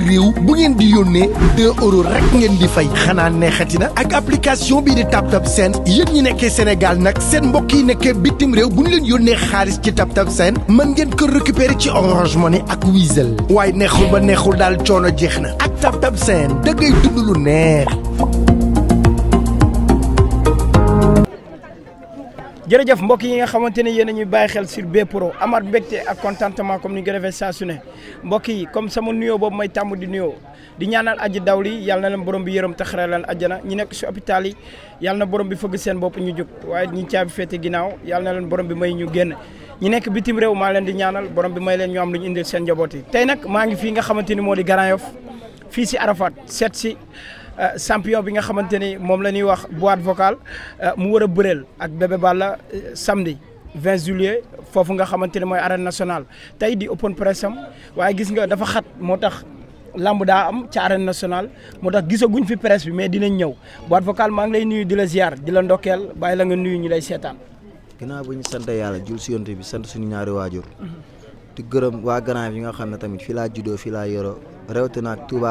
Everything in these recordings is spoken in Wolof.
biir réew bu ngeen di yónnee 2 euros rek ngeen di fay xanaa neexati na ak application bii di tab TapTap Send yéen ñi nekkee senegal nag seen mbokk yi nekkee bitim réew bu ñu leen yónnee xaalis ci TapTap Send man ngeen kër récupérer ci Orange ni ak Wizall waaye neexul ba neexul daal coono jeex na ak TapTap Send da ngay dund lu neex. jërëjëf mbokk yi nga xamante ne yéen a ñuy bàyyi xel sur Bprod amaat mbégte ak contentement comme ni ñu ko defee saa su ne mbokk yi comme sama nuyo boobu may tàmm di nuyoo di ñaanal aji daw li yàlla na leen borom bi yërëm taxare leen àjjana ñi nekk si hôpital yi yàlla na borom bi fëgg seen bopp ñu jóg waaye ñi caabi féete ginnaaw yàlla na leen borom bi may ñu génn ñi nekk bitim rew maa leen di ñaanal borom bi may leen ñu am lu ñu indil seen njaboot yi tey nag maa ngi fii nga xamante ni moo di Grand fii si Arafat seet si Euh, champion bi nga xamante ni moom la ñuy wax boîte vocale euh, mu war a bëreel ak Bébé Balla euh, samedi 20 juillet foofu nga xamante ne mooy arène national tey di open press am waaye gis nga dafa xat moo tax lamb daa am ca arène national moo tax gisaguñ fi presse bi mais dinañ ñëw boîte vocale maa ngi lay nuyu di la ziar di la ndokkeel bay la nga nuyu ñu lay seetaan. ginnaaw bu ñu sant yàlla jul si yonte bi sant suñu ñaari waajur. di gërëm waa Ganaay bi nga xam ne tamit fii laa juddoo fii laa yoroo rawatina ak Touba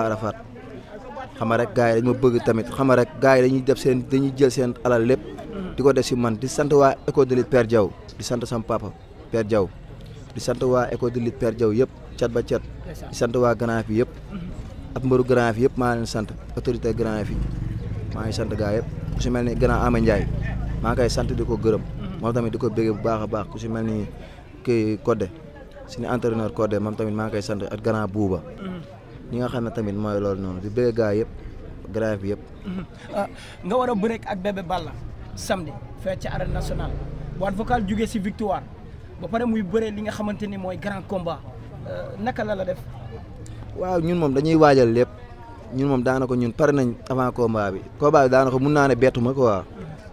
xama rek gars yi dañ bëgg tamit xama rek gars yi dañuy def seen dañuy jël seen alal lépp di ko def si man di sant waa école de lutte Père jaw di sant sama papa Père Diaw di sant waa école de lutte per Diaw yëpp cat ba cat di sant waa Grand Yoff yëpp ak mbëru Grand Yoff yëpp maa leen sant autorité Grand Yoff yi maa ngi sant gars yëpp ku si mel ni Grand Ama Ndiaye maa ngi koy sant di ko gërëm moom tamit di ko béggee bu baax a baax ku si mel ni kii Codé suñu entraîneur Codé moom tamit maa ngi koy sant ak Grand Bouba ñi nga xam na tamit mooy loolu noonu di bëgg gaa yëpp grave yëpp. Mhm. Ah, nga war a bëreek ak Bébé Balla samedi fee ci arène nationale Boite Vocale jugee si victoire ba pare muy bëree li nga xamante ni mooy grand combat euh, naka la la def. waaw ñun moom dañuy waajal lépp ñun moom daanaka ñun pare nañ avant combat bi combat bi daanaka mun naa ne bettu ma quoi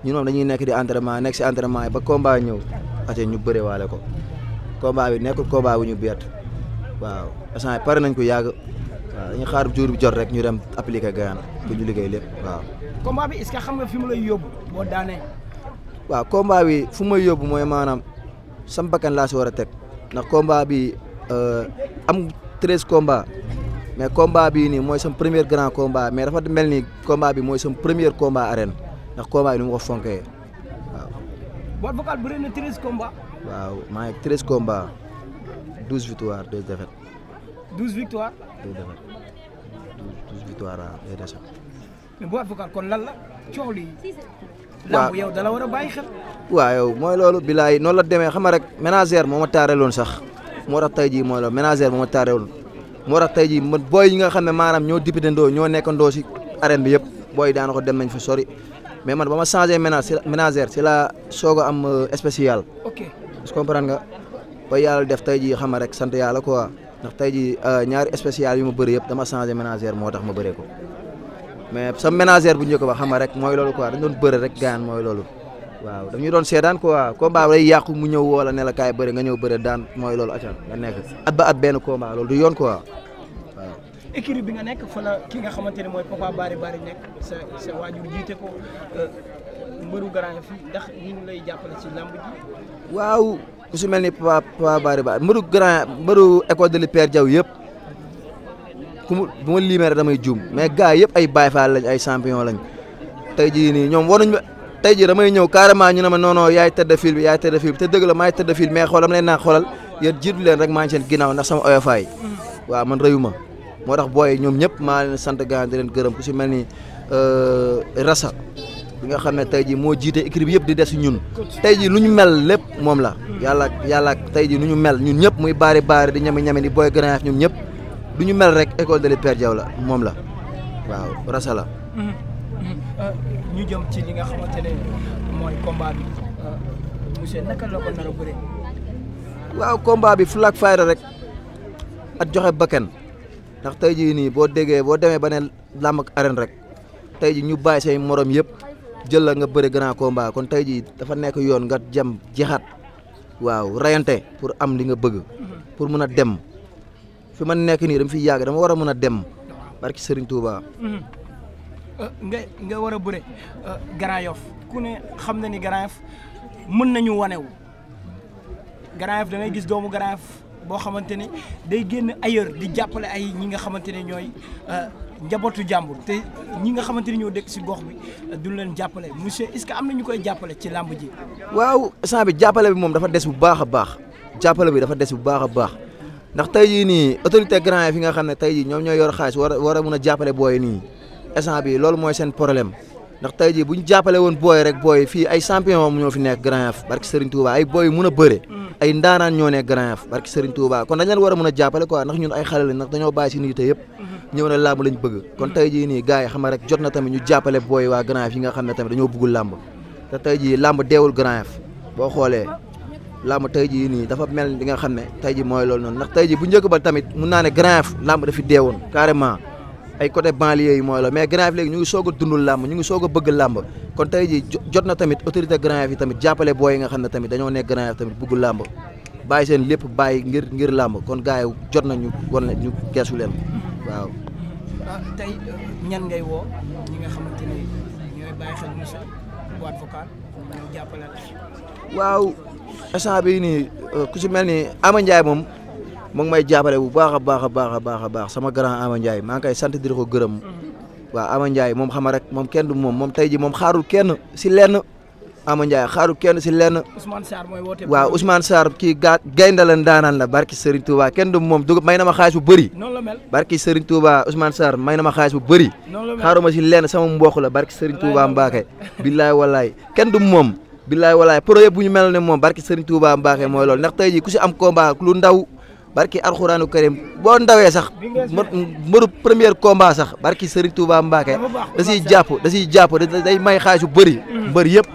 ñun moom dañuy nekk di entraînement nekk si entraînement yi ba combat ñëw parce ñu bëree waale ko combat bi nekkul combat ñu bett waaw instant pare waaw dañuy xaar jour bi jot rek ñu dem appliquer Guyana bu ñu liggéey lépp waaw. combat bi est xam nga fi mu lay yóbbu boo daanee. waaw combat bi fu may yóbbu mooy maanaam sam bakkan laa si war a teg ndax combat bi euh, am treize combats mais combat bii nii mooy sam premier grand combat mais dafa mel ni combat bi mooy sam premier komba arène ndax combat bi mu ko fonkee waaw. Boy Vocal bëri na treize deux défaites kon lan la coow mooy loolu bilaay noonu la demee xam nga rek ménagère moo ma taareeloon sax moo tax tey jii mooy loolu ménagère moo ma taareeloon moo tax tey jii man booy yi nga xam ne maanaam ñoo dipite ndoo ñoo nekk ndoo si arène bi yëpp booy daana ko dem nañ fa sori mais man ba ma changé ménage ménagère si la soog am euh, spécial. ok comprendre nga yàlla def tey jii xam nga rek sant yàlla ko ndax tey jii euh, ñaari spécial yu ma bëri yëpp dama changé ménagère moo tax ma bëree ko mais sa ménagère bu njëkk ba xam nga rek mooy loolu quoi dañ doon bëri rek gaan mooy loolu waaw dañu doon seetaan quoi combat day yàqu mu ñëw woo la ne la kaay bëri nga ñëw bëri daan mooy loolu acan nga nekk at ba at benn combat loolu du yoon quoi waaw écurie bi nga nekk fa la ki nga xamante ne mooy papa bari bari nekk sa sa waajur jiite ko euh, mbëru garant fi ndax ñu lay jàppale ku si mel ni Paa Paa Bari Ba mbëru grand mbaru école de Père jaw yëpp ku mu bu ma limee rek damay juum mais gars yëpp ay Baye Fall lañ ay champion lañ tey jii nii ñoom waruñ ma tey jii damay ñëw carrément ñu ne ma non non yaay tëdd fil bi te dëgg la maay tëdd fil mais xoolam naa xoolal yéen jiitu leen rek maa ngi seen ginnaaw ndax sama oyofaay mm-hmm. waaw man rëyu ma moo tax booy ñoom ñëpp maa leen sant gars di leen gërëm ku si mel ni euh, Rassa bi nga xam ne tey jii moo jiite équipe bi yëpp di des ñun tey ji lu ñu mel lépp moom la yàlla yàlla tey ji nu ñu mel ñun ñëpp muy baari baari di ñami ñami di booy granaf ñun ñëpp du ñu mel rek école de Père Diaw la moom la waaw rasa la ñu jëm bi monsieur la ko nar a bëree waaw combat bi flag fayda rek at joxe bakkan ndax tey jii nii boo déggee boo demee ba ne làmb ak rek tey ji ñu bàyyi say morom yëpp jël la nga bëri grand combat kon tey jii dafa nekk yoon nga jëm jeexaat waaw rayante pour am li nga bëgg pour mun a dem fi man nekk nii dama fi yàgg dama war a mën a dem barki Serigne Touba. nga nga war a bëre euh, Grand Yoff ku ne xam na ni Grand Yoff mën nañu wanewu Grand Yoff da ngay gis doomu Grand Yoff boo xamante ne day génn ailleurs di jàppale ay ñi nga xamante ñooy euh, njabootu jàmbur te ñi nga xamante ni ñoo dekk si gox bi du leen jàppale monsieur est-ce que am na ñu koy jàppale ci làmb ji. waaw sant bi jàppale bi moom dafa des bu baax a baax jàppale bi dafa des bu baax a baax ndax tey ji nii autorité grand yi fi nga xam ne tey jii ñoom ñooy yor xaalis war a war a mun a jàppale booy nii instant bi loolu mooy seen problème. ndax tey jii bu ñu jàppale woon booy rek booy fii ay champion moom ñoo fi nekk Grand Yoff barki Serigne Touba ay booy mun a bëre mm. ay ndaanaan ñoo nekk Grand Yoff barki Serigne Touba kon dañ leen war a mën a jàppale quoi ndax ñun ay xale lañ ndax dañoo bàyyi yëpp mm-hmm. ñëw na làmb lañ bëgg kon jii nii yi xam nga rek jot na tamit ñu jàppale booy waa Grand Yoff yi nga xam ne tamit dañoo bëggul làmb tey jii làmb deewul Grand boo xoolee làmb tey jii nii dafa mel li nga xam ne tey jii mooy loolu noonu ndax tey jii bu njëkk ba tamit mun naa ne Grand Yoff làmb dafi deewoon carrément ay côté banlieue yi mooy la mais Grand Yoff léegi ñu ngi soog dundu dundul làmb ñu ngi soog a bëgg làmb kon tey ji jot na tamit autorité Grand Yoff yi tamit jàppale booy yi nga xam ne tamit dañoo nekk Grand Yoff tamit bëgg làmb bàyyi seen lépp bàyyi ngir ngir làmb kon gars jot nañu wan ñu geesu leen waaw. Ah, tey euh, ñan ngay woo ñi nga xamante ne ñooy waaw instant nii euh, ku si mel ni Ama Ndiaye moom. mu ngi may jàppale bu baax a baax a baax a baax a baax sama grand Ama Ndiaye maa ngi koy sant di ko gërëm mm-hmm. waaw Ama Ndiaye moom xama rek moom kenn du moom moom tey ji moom xaarul kenn si lenn Ama Ndiaye xaarul kenn si lenn Ousmane Sarr mooy woote waaw Ousmane Sarr kii gaa gaynde la ndaanaan la barki Serigne Touba kenn du moom dugub may na ma xaalis bu bëri noonu la mel barki Serigne Touba Ousmane Sarr na ma xaalis bu bëri xaaruma si lenn sama mbokk la barki Serigne Touba Mbacké billaay wallaay kenn du moom billaay wallaay projet bu ñu mel ne moom barki Serigne Touba ndax tey ku si am combat lu ndaw barki alxuraanu karim boo ndawee sax mbëru premier combat sax barki Serigne Touba Mbacke da siy jàpp da siy jàpp day may xaalis yu bëri mm. mbër yëpp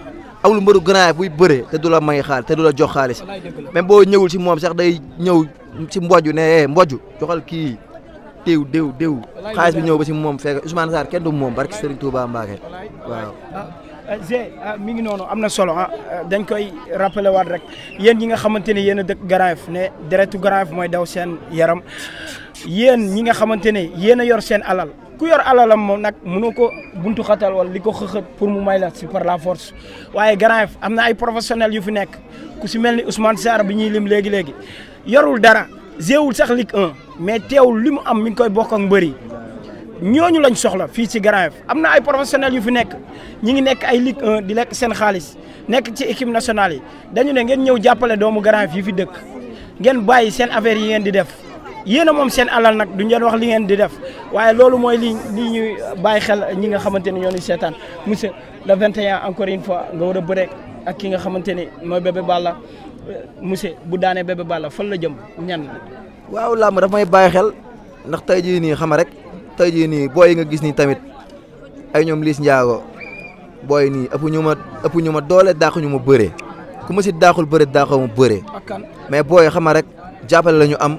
amul mbëru grand buy bëree te du la may xaalis te du la jox xaalis même boo ñëwul si moom sax day ñëw si mbojju ne eh, mbojju joxal kii déw déw déw xaalis bi ñëw ba si moom fekk Ousmane Sarr kenn moom barki Serigne Touba Mbacke waaw ah. Zé euh, euh, mi ngi noonu am na solo ah, euh, dañ koy rappelé waat rek yéen ñi nga xamante ne yéen a dëkk Garaaf ne deretu Garaaf mooy daw seen yaram yéen ñi nga xamante ne yéen a yor seen alal ku yor alalam moom nag mënoo ko buntu xatal wala li ko xëxët pour mu may la si par la force waaye Garaaf am na ay professionnels yu fi nekk ku si mel ni Ousmane Sarr bi ñuy lim léegi léegi yorul dara Zé wul sax Ligue 1 mais teewul li mu am mi ngi koy bokk ak mbër yi ñooñu lañ soxla fii ci Grand Yoff am na ay professionnels yu fi nekk ñi nekk ay Ligue 1 di lekk seen xaalis nekk ci équipe nationale yi dañu ne ngeen ñëw jàppale doomu Grand Yoff yi fi dëkk ngeen bàyyi seen affaire yi ngeen di def yéen a moom seen alal nag du ngeen wax li ngeen di def waaye loolu mooy li li ñuy bàyyi xel ñi nga xamante ne ñoo ñu seetaan monsieur le 21 encore une fois nga war a bëre ak ki nga xamante ne mooy Bébé Balla monsieur bu daanee Bébé Balla fa la jëm ñan. waaw làmb daf bàyyi xel ndax tey jii nii xam rek. tey jii nii booy nga gis nii tamit ay ñoom liis njaago booy nii ëpp ñu ma ëpp ñu ma doole dàq ñu ma bëre ku ma si dàqul bëre dàqoo ma bëre mais booy xama rek jàppale la ñu am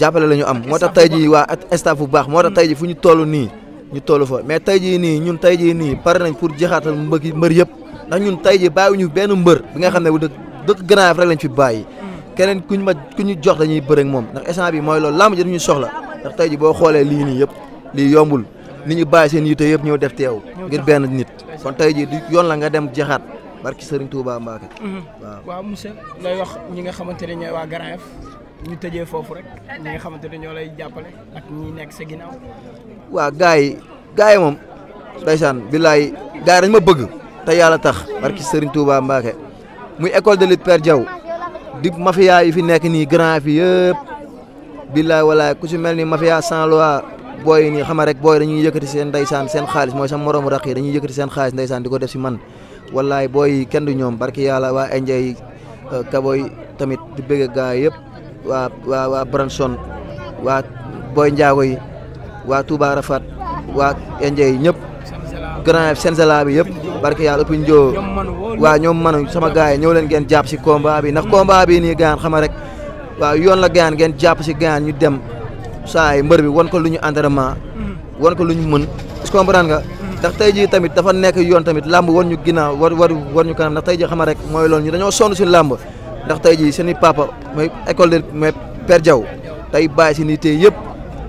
jàppale la ñu am moo tax tey jii waa staff bu baax moo tax tey jii fu ñu toll nii ñu toll fa mais tey jii nii ñun tey jii nii pare nañ pour jeexaatal mbëgg mbër yëpp ndax ñun tey jii bàyyiwuñu benn mbër bi nga xam ne bu dëkk dëkk Grand Yoff rek lañ fi bàyyi mm. keneen kuñ ma ku ñu jox dañuy bëre ak moom ndax instant bi mooy loolu lamb ji dañuy soxla ndax tey ji boo xoolee lii nii yëpp lii yombul nit ñi bàyyi seen yitte yëpp ñëw def teew ngir benn nit kon tey ji du yoon la nga dem jaxaat barki Serigne Touba Mbacke mhm. waaw waaw monsieur lay wax ñi nga xamante ne ñooy waa ñu tëjee foofu rek ñi nga xamante ne ñoo lay jàppale ak nekk sa ginnaaw waa gars yi gars yi moom ndeysaan billaay gars yi ma bëgg te yàlla tax barki Serigne Touba mbaake muy école de lutte Père Diaw di mafia yi fi nekk nii Grand Yoff billaay walaay ku si mel ni mafia san loi booy nii xama rek booy dañuy yëkkati seen ndeysaan seen xaalis mooy sama moroomu raq yi dañuy yëkkati seen xaalis ndeysaan di ko def si man walaay booy kenn du ñoom barki yàlla waa Enjay euh, Kaboy tamit di bëgg gaa yëpp waa waa waa Branson waa Boy Njaago waa Touba Rafat waa Enjay ñëpp grand Senzala bi yëpp barke yàlla ëpp njoo waa ñoom manu sama gars yi ñëw leen ngeen jàpp si combat bi ndax combat bi nii gaan waaw yoon la gayaan ngeen jàpp si gayaan ñu dem saa yi mbër bi wan ko lu ñu entraînement mhm. wan ko lu ñu mën est-ce que mhm. ndax tey jii tamit dafa nekk yoon tamit làmb war ñu ginnaaw war war war ñu kanam ndax tey jii xam rek mooy lool ñu dañoo sonn si làmb ndax tey jii seen i papa mooy école de mooy Père Diaw tey bàyyi si ni tey yëpp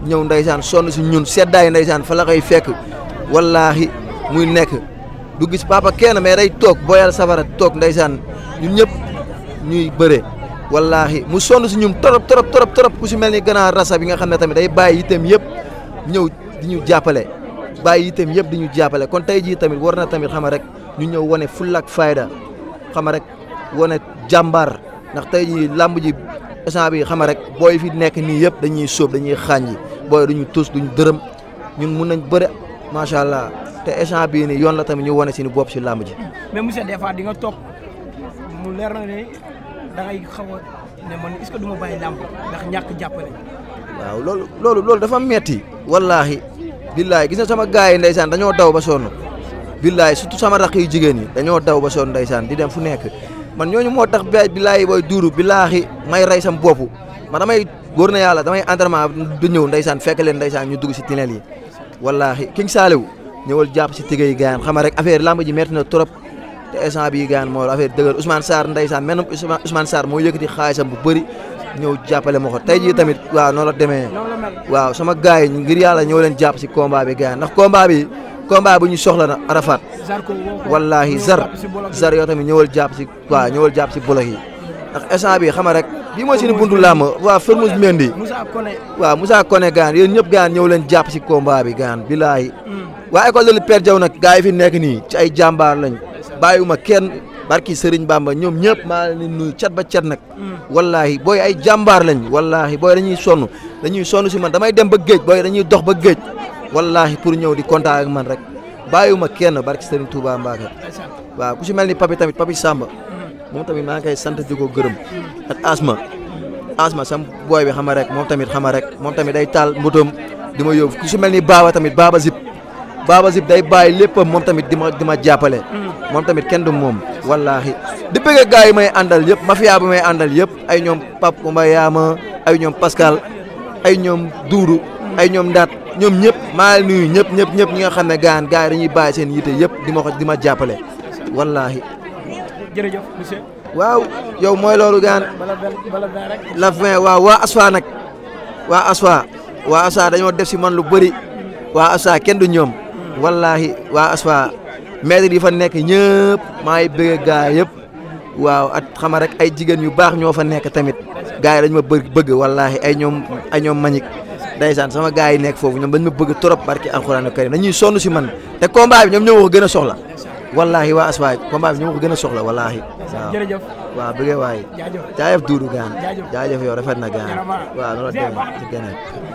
ñëw ndeysaan sonn si ñun seddaay ndeysaan fa fala koy fekk wallaahi muy nekk du gis papa kenn mais day toog booyal safara toog ndeysaan ñun ñëpp wallaahi mu sonn si ñun torop torop torop torop ku si mel ni ganaar rasa bi nga xam ne tamit day bàyyi itam yëpp ñëw di ñu jàppale bàyyi itam yëpp di ñu jàppale kon tey jii tamit war na tamit xama rek ñu ñëw wane fulla ak fayda xama rek wane jàmbaar ndax tey jii làmb ji instant bi xama rek booy fi nekk nii yëpp dañuy sóob dañuy xàññi booy duñu tus duñu dërëm ñun mun nañ bëri macha allah te instant bii nii yoon la tamit ñu wane suñu bopp si làmb ji. mais monsieur di nga toog da ngay xaw a ne man est-ce que du ma bàyyi làmb loolu loolu loolu dafa metti wallaahi billaahi gis na sama gars yi ndeysaan dañoo daw ba soon billaahi surtout sama rakk yu jigéen yi dañoo daw ba sonn ndeysaan di dem fu nekk man ñooñu moo tax billaahi booy duuru billaahi may ray sam bopp man damay góor na yàlla damay entraînement du ñëw ndeysaan fekk leen ndeysaan ñu dugg si tineel yi wallaahi king saaliw ñëwal jàpp si tigéey gaayan xama rek affaire làmb ji metti na trop te instant bii gaan moo affaire dëgër Ousmane Sarr ndeysaan men Ousmane Sarr moo yëkkati xaalisam bu bëri ñëw jàppale ma ko tey jii tamit waa noonu la demee waaw sama gars yi ngir yàlla ñëw leen jàpp si combat bi gaan ndax combat bi combat bu ñu soxla na Arafat wallahi zar zar yoo tamit ñëwal jàpp si waaw ñëwal jàpp si bloc yi ndax instant bi xama rek bii mooy seen buntu làmb waa Formose Mendy waaw Moussa Koné gaan yéen ñëpp gaan ñëw leen jàpp si combat bi gaan bilaahi mm. waa école de Père Diaw nag gars yi nekk nii ci ay jàmbaar lañ wu ma kenn barki Serigne Bamba ñoom ñëpp maa leen nuyu cat ba cat nag. wallaahi booy ay jàmbaar lañ wallaahi booy dañuy sonn dañuy sonn si man damay dem ba géej booy dañuy dox ba géej wallaahi pour ñëw di kontaan ak man rek ma kenn barki Serigne Touba Mbacke. waaw ku si mel ni papi tamit papi Samba. moom tamit maa ngi koy sant di ko gërëm. ak asma asma sam booy bi xama rek moom tamit xama rek moom tamit day taal mbutoom di ma yóbbu ku si mel ni baaba tamit baaba zip. Baba Zip day bàyyi léppam moom tamit di ma di ma jàppale. Mm. moom tamit kenn du moom wallaahi. di bëgg gars yi may àndal yëpp mafia bi may àndal yëpp ay ñoom Pape Kumba Yaama ay ñoom Pascal ay ñoom Duudu mm. ay ñoom Ndaat ñoom ñëpp maa nuyu ñëpp ñëpp ñëpp ñi nga xam ne gaan gars yi dañuy bàyyi seen yite yëpp di ma ko di ma jàppale wallaahi. waaw yow mooy loolu gaan la fin waaw waa Aswa nag waa Aswa waa Aswa dañoo def si man lu bari mm. waa Aswa kenn du ñoom. wallaahi waa asfa maître yi fa nekk ñëpp maay bëgg gaa yëpp waaw at xama rek ay jigéen yu baax ñoo fa nekk tamit gaa yi dañ ma bëgg wallaahi ay ñoom ay ñoom mañik ndeysaan sama gaa yi nekk foofu ñoom dañ ma bëgg trop barki alxuraanu karim dañuy sonn si man te combat bi ñoom ñoo wax gën a soxla wallaahi waa asfa combat bi ñoom wax gën a soxla wallaahi waa jërëjëf waaw bëggee waay jaajëf duudu gaan jaajëf yow rafet na gaan waaw noonu la demee ci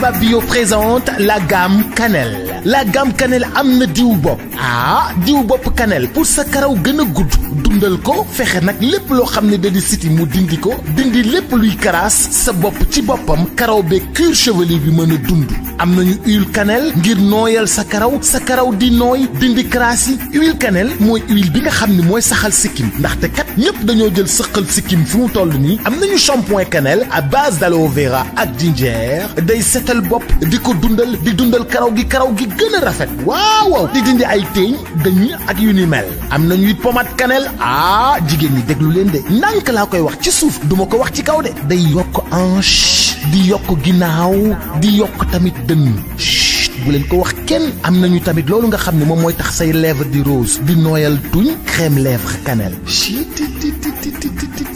Baba Bio présente la gamme Cannelle la gamme Cannelle am na diw bopp ah diw bopp Cannelle pour sa karaw gën a gudd dundal ko fexe lépp loo xam ne da di siti mu dindi ko dindi lépp luy karaas sa bopp ci boppam karaw be cuir chevelu bi mën a dund am nañu huile cannelle ngir nooyal sa karaw sa karaw di nooy dindi karaas yi huile cannelle mooy huile bi nga xam ne mooy saxal sikkim ndaxte kat ñëpp dañoo jël sëqal sikkim fu mu toll nii am nañu shampoing cannelle à base d'aloe vera ak ginger day setal bopp di ko dundal di dundal karaw gi karaw gi gën rafet waaw waaw di dindi ay teeñ dañ ak yu ni mel am nañu it pommade ah jigéen ñi déglu leen de ndànk laa koy wax ci suuf duma ko wax ci kaw de day yokk hanche di yokk ginnaaw di yokk tamit dën bu leen ko wax kenn am nañu tamit loolu nga xam ne moom mooy tax say lèvre di rose di nooyal tuñ crème lèvre cannelle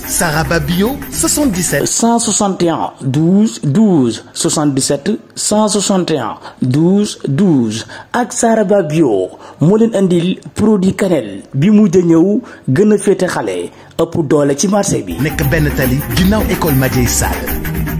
Saraba Bio 77. 161 12 12 77 161 12 12 ak Saraba Bio moo leen andil produit cannelle bi mujj ñëw gëna a féete xale ëpp doole ci marché bi. nekk benn tali ginnaaw école Madiaye Sall.